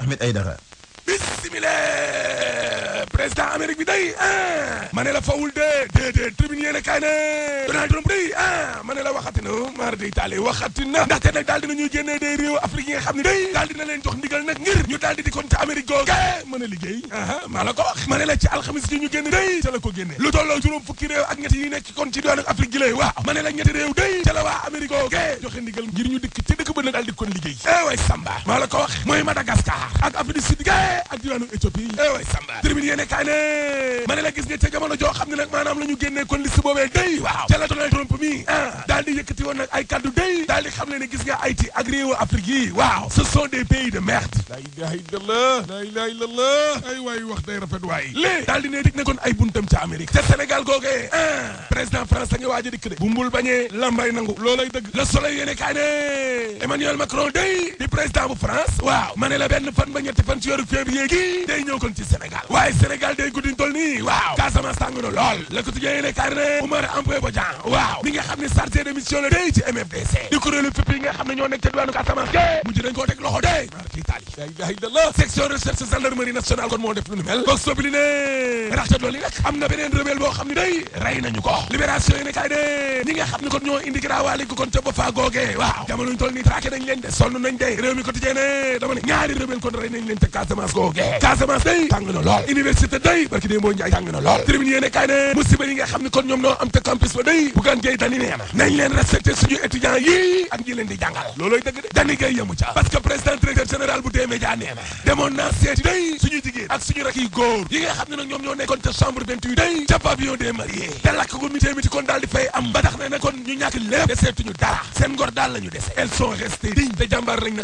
احمد ايدغا بسم الله président Amérique bi day eh. Manela ma ne la fawul de déedéet tribune yéen a kaay ne Donald Trump day ah eh. ma ne la waxati na maar day taale waxati na ndaxte day réew Afrique yi nga xam day daal dina leen jox ndigal nag ngir ñu daal di dikkoon ca Amérique googu mën a liggéey aa maa la ko wax ma ci alxamis ñu génn day ca la ko génne lu tolloo juróom fukki réew ak ñetti yi nekk kon ci doon ak Afrique gi lay waaw ma ne réew day ca la waa Amérique googu joxe ndigal ngir ñu dikk ci dëkk ba na daal dikkoon liggéey eeway eh Samba maa la ko wax mooy Madagascar ak Afrique du Sud ga ak diwaanu Éthiopie eeway Samba kaane ma ne la gis nga ca jamono joo xam ne nag maanaam la ñu génnee kon liste boobee day waaw ca la Donald Trump mi ah daal di yëkkati woon nag ay kaddu day daal di xam ne ne gis nga Haïti ak réewu Afrique yi waaw ce sont des pays de merde la ilaha illallah la ilaha illallah ay waay wax day rafet waay lée daal di ne dik ne kon ay buntam ca Amérique ca Sénégal googee ah président France da nga waaj a dikk de bu mbul bañee lambay nangu loolay dëgg le soleil yéene kaay ne Emmanuel Macron day di président bu France waaw ma ne la benn fan ba ñetti fan ci weeru février gi day ñëw kon ci Sénégal waaye Sénégal day guddi toll nii Wow! Casamance tàng na le quotidien yéene kay ne Oumar Ampoué Wow! waaw nga xam ne de mission la day ci MFDC di kuréelu pipi nga xam ne ñoo nekk ca diwaanu Casamance dé mujj dañ loxo dé mar Italie ay ay da la section recherche gendarmerie nationale kon moo def lu mel box sobli ne ca dolli nag na beneen rebelle boo xam ne day rey nañu ko libération yi de ñi nga xam ne kon ñoo indi giraawaale ko kon ca boppaa googee waaw jamono ñu toll nii traqué nañ leen de sonn nañ de réew mi quotidien ne dama ñaari rebelle kon rey nañ leen ca Casamance googee Casamance day université day barki dee njaay tàng na lool tribune yéene kaay ne musiba yi nga xam ne kon day suñu étudiants yi ak ñi leen di jàngal looloy dëgg septembre 28 tey ca pavillon des mariés te lakk ko mi tey mi ti kon daal di fay am ba tax ñu ñàkk lépp deseetuñu dara seen ngor daal la ñu dese elles sont restées dignes te jàmbaar lañ nag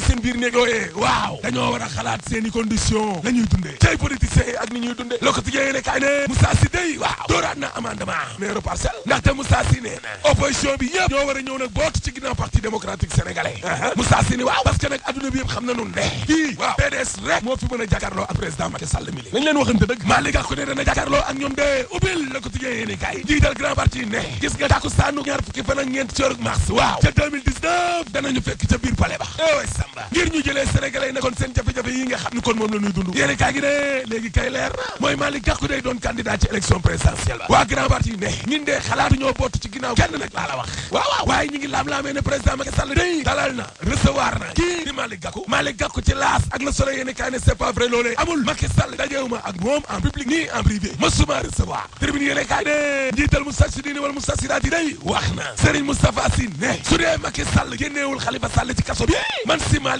seen biir néeg yooyee waaw dañoo war seen i condition la dundee cay politiciens ak ni ñuy dundee lokati yéene ne Moussa Sy day waaw waaw dooraat na amendement ah. maire parcelle ndaxte Moussa Sine bi yëpp ñoo war a nag bootu ci ginnaaw parti démocratique sénégalais uh-huh. Moussa waaw parce nag adduna bi yëpp xam na nun de kii waaw PDS rek moo fi mën a jàkkaarloo ak président Macky Sall mi li leen waxante dëgg maa gax ko ne dana jàkkaarloo ak ñoom de ubbil la ko tijjee yéene kay jiital grand parti ne gis nga tàkku saanu ñaar fukki fan ak ñeent ci weeru mars waaw ca 2019 danañu fekk ca biir palais ngir ñu jëlee sénégalais yi nekkoon seen jafe-jafe yi nga xam ni kon moom la ñuy dund gi ne léegi kay leer mooy Malick Gakou day doon candidat ci élection présidentielle waa grand parti ne ñun de xalaatu ñoo bott ci ginnaaw kenn nag laa la wax waaw waaye ñu ngi laam-laamee ne président Macky Sall day dalal na recevoir na kii di Malick Gakou Malick Gakou ci laas ak le soleil yéene kaay c'est pas vrai loolee amul Macky Sall dajeewuma ak moom en public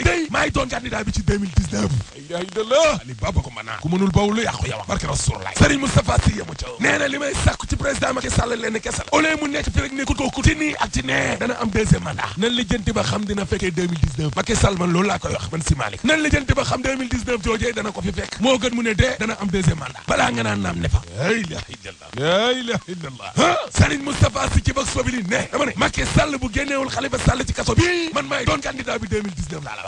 Malick day maay doon candidat bi ci 2019 ay da la Ali Baba ko mën naa ku mënul bawulu yàqu yawa barke Rasulullah mu nekk fi dana am deuxième mandat nan li jënti ba xam dina fekkee 2019 Macky laa koy wax man si Malick nan li jënti ba xam gën mu ne dee dana am deuxième mandat balaa nga naan naam ne fa la ilaha illallah la ilaha illallah Serigne Moustapha Sy ne dama ne Macky Sall bu génneewul Khalifa Sall ci kaso bi man maay doon candidat bi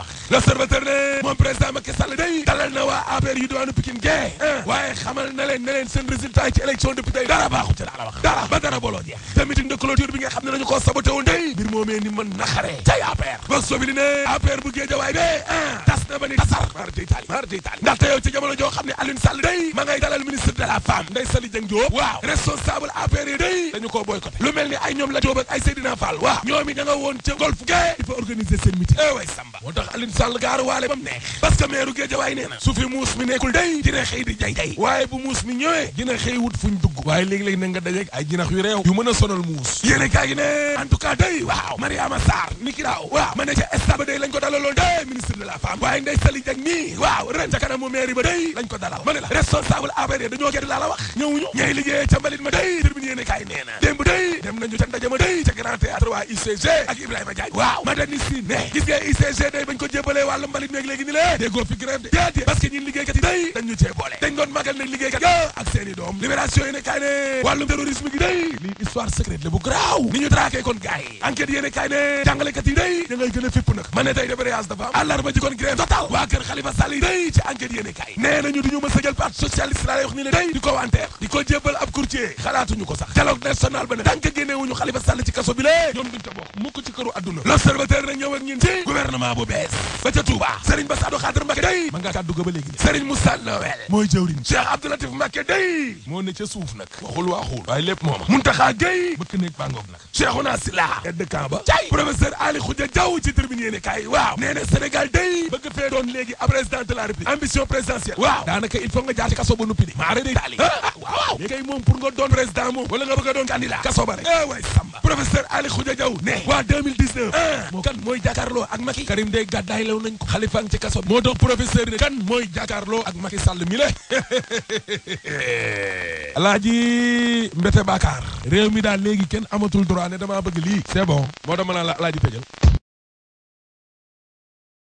wax le Observateur ne moom président Macky Sall day dalal na waa APR yu diwaanu Pikine gee waaye xamal na leen ne leen seen résultat yi ci élection député yi dara baaxu ci dara ba dara boloo jeex te meeting de clôture bi nga xam ne dañu koo saboté woon day mbir moomee ni man naxaree cay APR bos sobi li ne APR bu Guédiawaye be tas na ba ni tasar mar d' itali mar d' yow ci jamono joo xam ne Aliou Sall ma ngay dalal ministre de la femme Ndeye Saly Dieng Diop waaw Alioune Sall gar walé bam neex parce que meeru Géejawaay way na su fi mous mi nekul day dina xëy di jay jay waye bu mous mi ñëwé dina xëy wut fuñ dugg waye leg leg na nga dajé ay dina xuy réew yu mëna sonal mous yéne kaa gi ne en tout cas day waaw Mariama sar ni ki daaw waaw mané ci ca day lañ ko dalal lol day ministre de la femme waye Ndeye Sali jak nii waaw ren kanam mo maire ba day lañ ko dalal mané la responsable APD dañu gëd la la wax ñu ñay liggéey ci mbalit ma day termine yéene kay nee na entre waa UCG ak Ibrahima Diagne waaw madani si ne gis nga UCG day bañ ko jébalee wàllu mbalit meeg léegi ni la déggoo fi grève de déedéet parce que ñun liggéeykat yi day dañ ñu cee boole dañ doon nee nañu duñu mës a jël parti socialiste laa wax ni la day di ko wanteer di ko jébal ab courtier xalaatuñu ko sax dialogue national ba ne tànk génneewuñu Khalifa Sall ci kaso bi boobee ñoom duñ ta bokk mukk ci këru adduna l'observateur na ñëw ak ci gouvernement bu bees ba ca Touba Serigne Bass Abdou Khadre Mbacké day ma nga ga ba léegi Serigne Moussa Noël mooy jëwriñ Cheikh Abdou Latif day moo ne ca suuf nag waxul waaxul waaye lépp mooma Muntaxa Gay bëkk nekk ba cay professeur Ali waaw nee Sénégal day bëgg fee doon léegi a président de la République ambition présidentielle waaw daanaka il faut nga jaar ci kaso ba nuppi di maara day waaw li moom pour nga doon président moom wala nga bëgg a doon candidat kaso ba rek eh waay samba professeur Ali Khoudia Diaw ne eh. waa 2019 ah moo kan mooy jàkkaarloo ak Macky Karim Dey gàddaay law nañ ko Khalifa ci kaso moo tax professeur kan mooy jàkkaarloo ak Macky Sall mi la alaaji Mbete Bakar réew mi daal léegi kenn amatul droit ne damaa bëgg lii c'est bon moo tax laa la alaaji tëjal